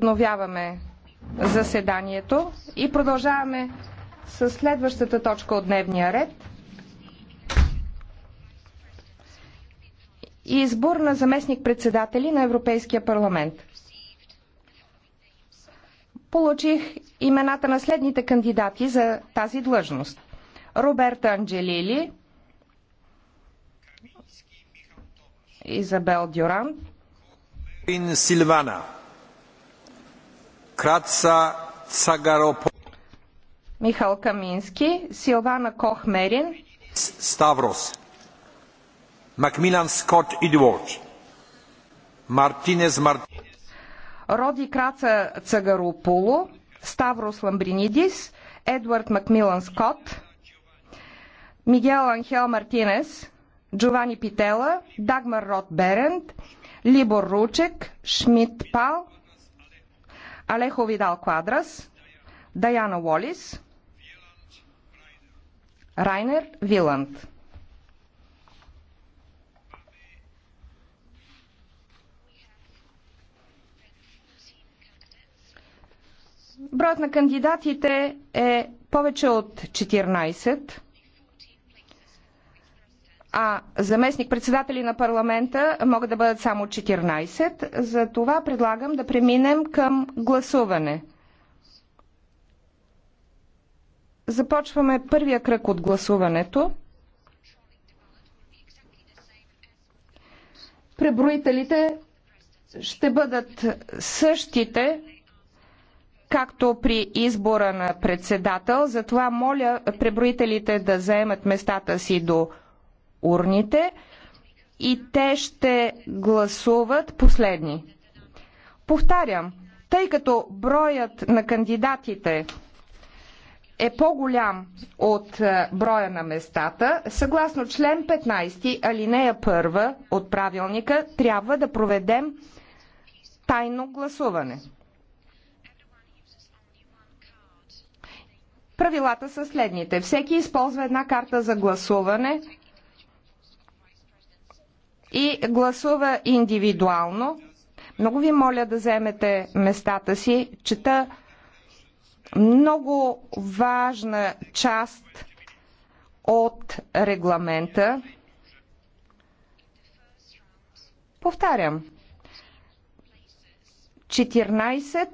Обновяваме заседанието и продължаваме с следващата точка от дневния ред. И избор на заместник-председатели на Европейския парламент. Получих имената на следните кандидати за тази длъжност. Роберта Анджелили, Изабел Дюран, Силвана. Краца Цагаропол. Михал Камински, Силвана Кохмерин. Ставрос. Макмилан Скот Идворд. Мартинес Мартинес. Роди Краца Цагарополо, Ставрос Ламбринидис, Едвард Макмилан Скот, Мигел Анхел Мартинес, Джовани Питела, Дагмар Рот Берент, Либор Ручек, Шмидт Пал, Алехо Видал Квадрас, Даяна Уолис, Райнер Виланд. Броят на кандидатите е повече от 14 а заместник-председатели на парламента могат да бъдат само 14. За това предлагам да преминем към гласуване. Започваме първия кръг от гласуването. Преброителите ще бъдат същите, както при избора на председател. Затова моля преброителите да заемат местата си до урните и те ще гласуват последни. Повтарям, тъй като броят на кандидатите е по-голям от е, броя на местата, съгласно член 15, алинея 1 от правилника, трябва да проведем тайно гласуване. Правилата са следните. Всеки използва една карта за гласуване – и гласува индивидуално. Много ви моля да вземете местата си. Чета много важна част от регламента. Повтарям. 14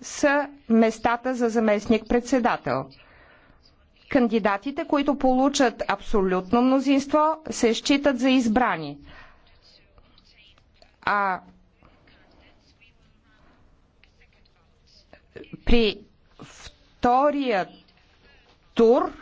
са местата за заместник-председател. Кандидатите, които получат абсолютно мнозинство, се считат за избрани. А при втория тур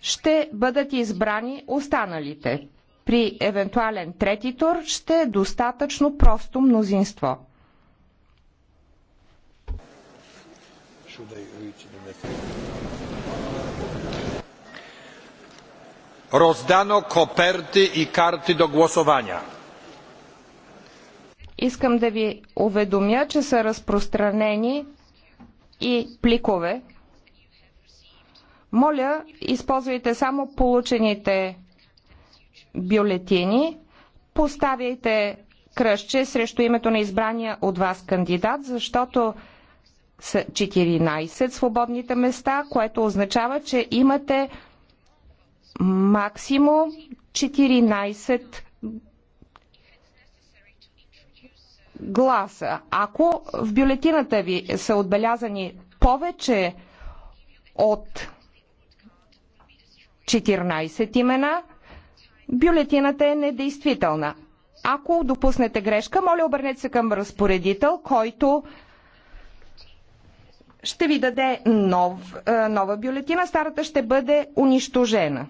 ще бъдат избрани останалите. При евентуален трети тур ще е достатъчно просто мнозинство. Should reach the message? rozdano koperty i karty do głosowania. Искам да ви уведомя, че са разпространени и пликове. Моля, използвайте само получените бюлетини, поставяйте кръстче срещу името на избрания от вас кандидат, защото са 14 свободните места, което означава, че имате максимум 14 гласа. Ако в бюлетината ви са отбелязани повече от 14 имена, бюлетината е недействителна. Ако допуснете грешка, моля обърнете се към разпоредител, който ще ви даде нов, е, нова бюлетина. Старата ще бъде унищожена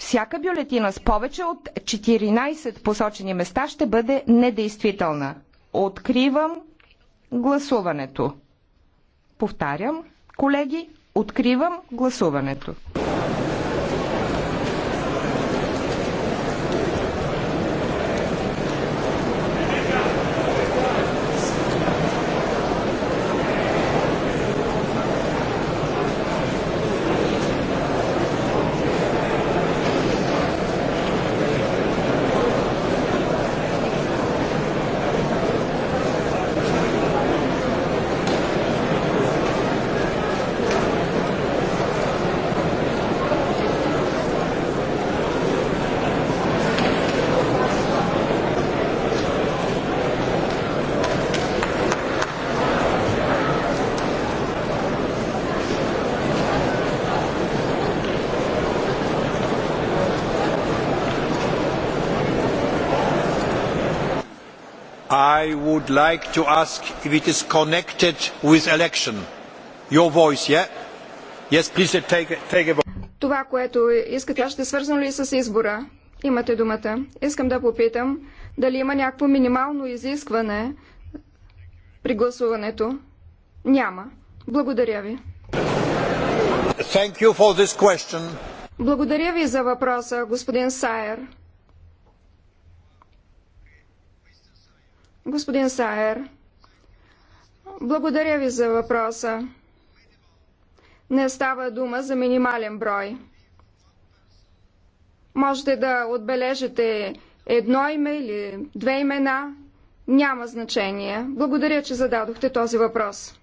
всяка бюлетина с повече от 14 посочени места ще бъде недействителна. Откривам гласуването. Повтарям, колеги, откривам гласуването. I would like to ask if it is connected with election. Your voice, yeah? Yes, please uh, take, take a vote. Това, което искате, ще свързано ли е с избора? Имате думата. Искам да попитам дали има някакво минимално изискване при гласуването. Няма. Благодаря ви. Thank you for this question. Благодаря ви за въпроса, господин Сайер. Господин Сайер, благодаря ви за въпроса. Не става дума за минимален брой. Можете да отбележите едно име или две имена. Няма значение. Благодаря, че зададохте този въпрос.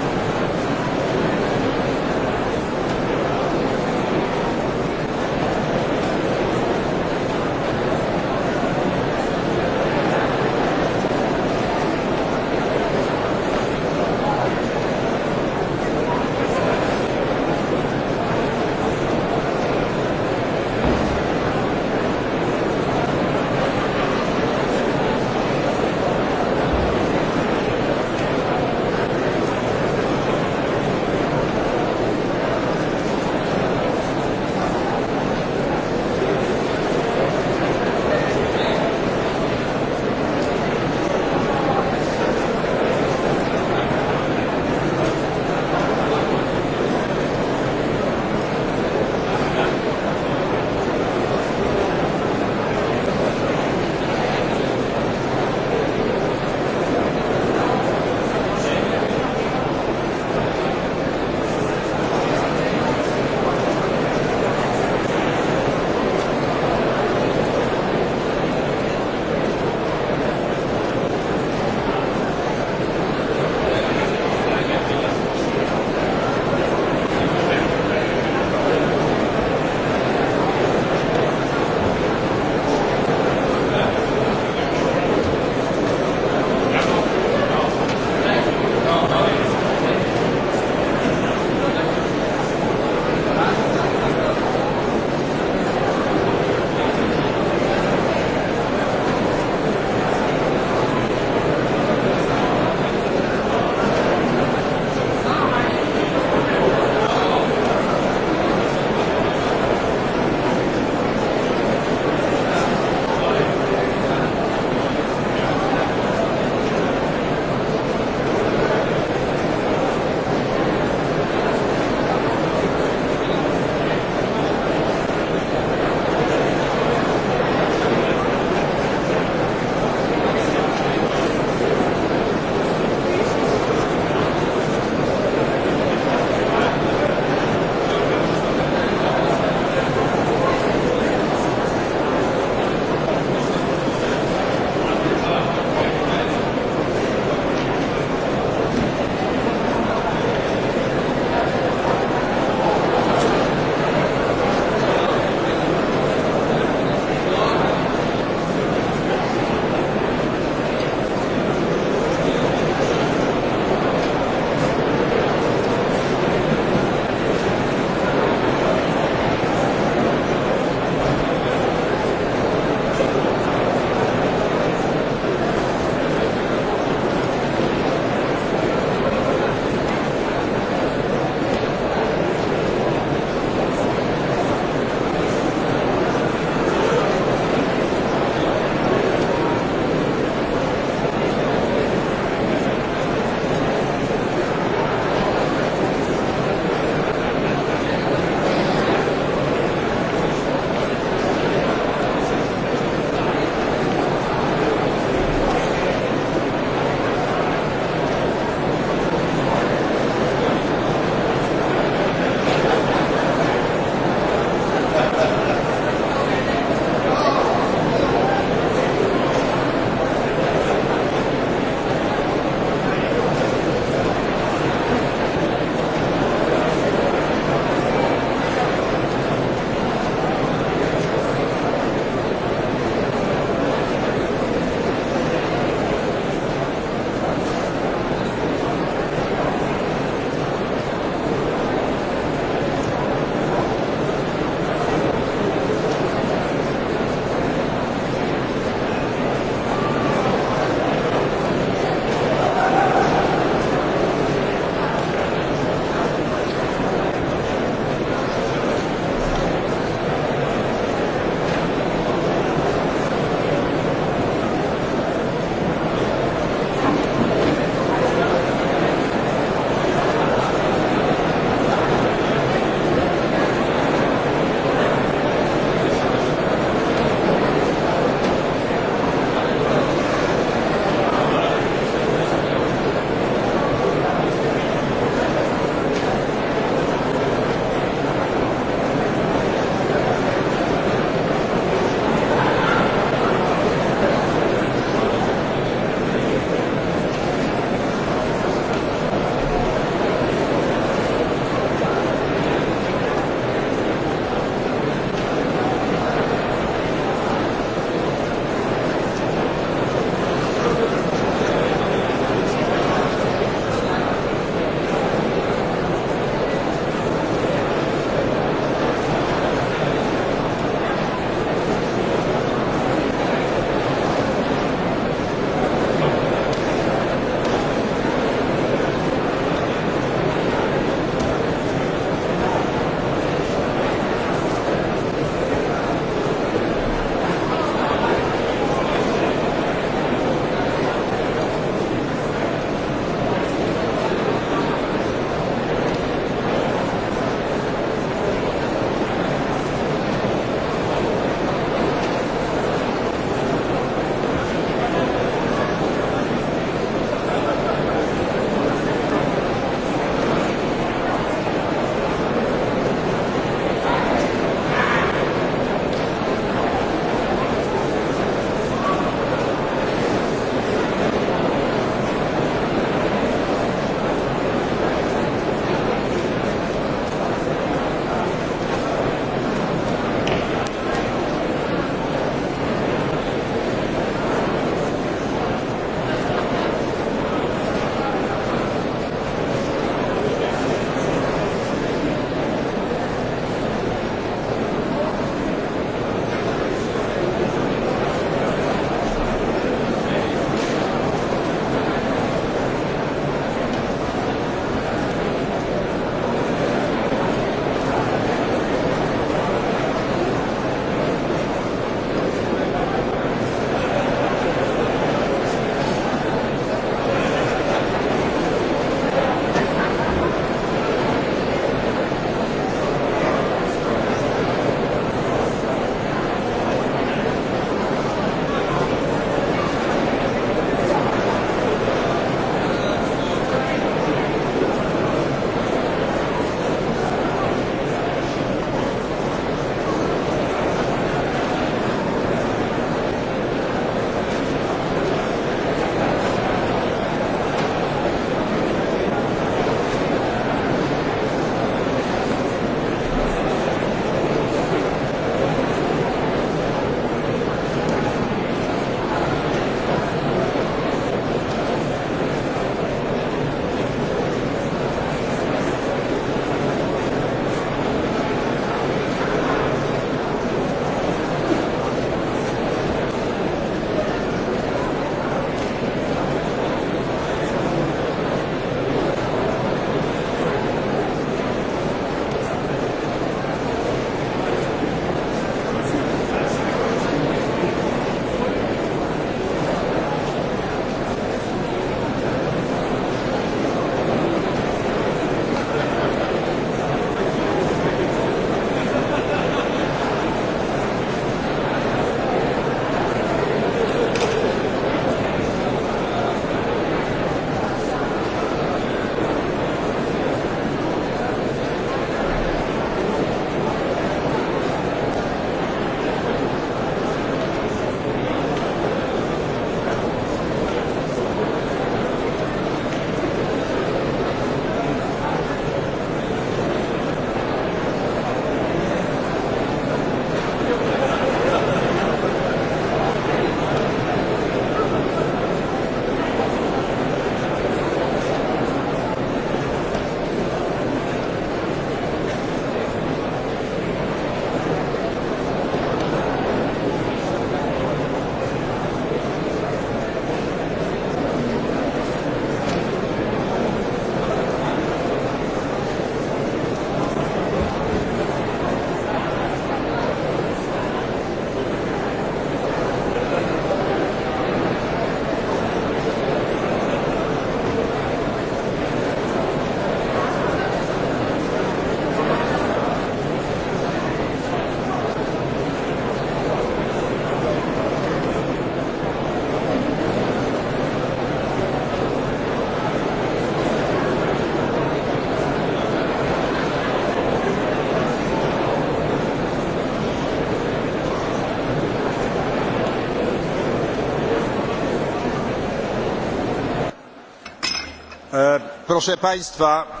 Proszę Państwa,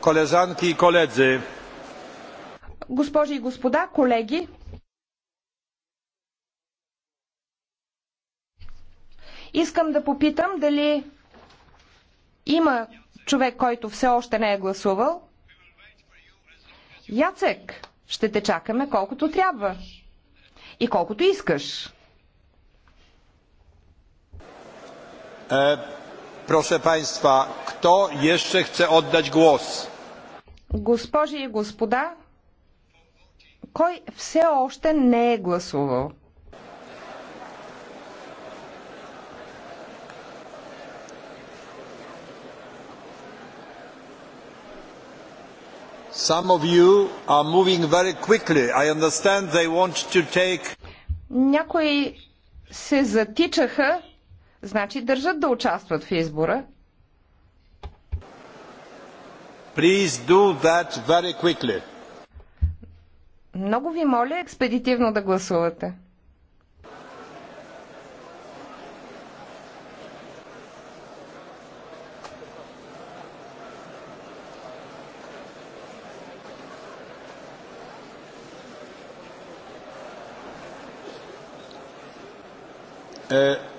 koleżanki i koledzy. Госпожи и господа, колеги, искам да попитам дали има човек, който все още не е гласувал. Яцек, ще те чакаме колкото трябва и колкото искаш. Е... Proszę Państwa, kto jeszcze chce oddać głos? Госпожи и господа, кой все още не е гласувал? Some of you are moving very quickly. I understand they want to take... Някои се затичаха значи държат да участват в избора. do that very Много ви моля експедитивно да гласувате. Uh...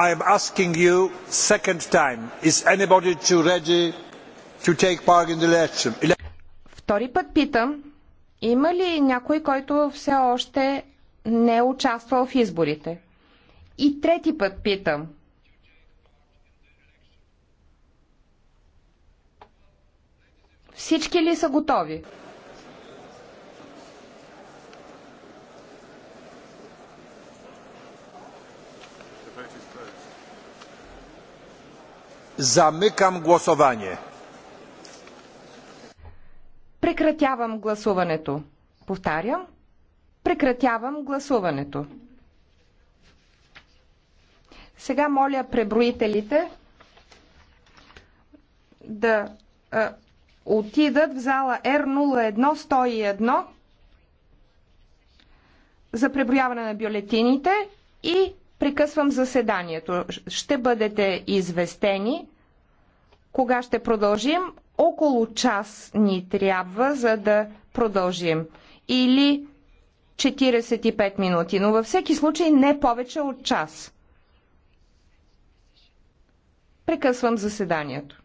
I am asking you second time, is anybody too ready to take part in the election? Втори път питам, има ли някой, който все още не е участвал в изборите? И трети път питам. Всички ли са готови? Замикам гласование. Прекратявам гласуването. Повтарям. Прекратявам гласуването. Сега моля преброителите да а, отидат в зала R01101 за преброяване на бюлетините и Прекъсвам заседанието. Ще бъдете известени кога ще продължим. Около час ни трябва, за да продължим. Или 45 минути, но във всеки случай не повече от час. Прекъсвам заседанието.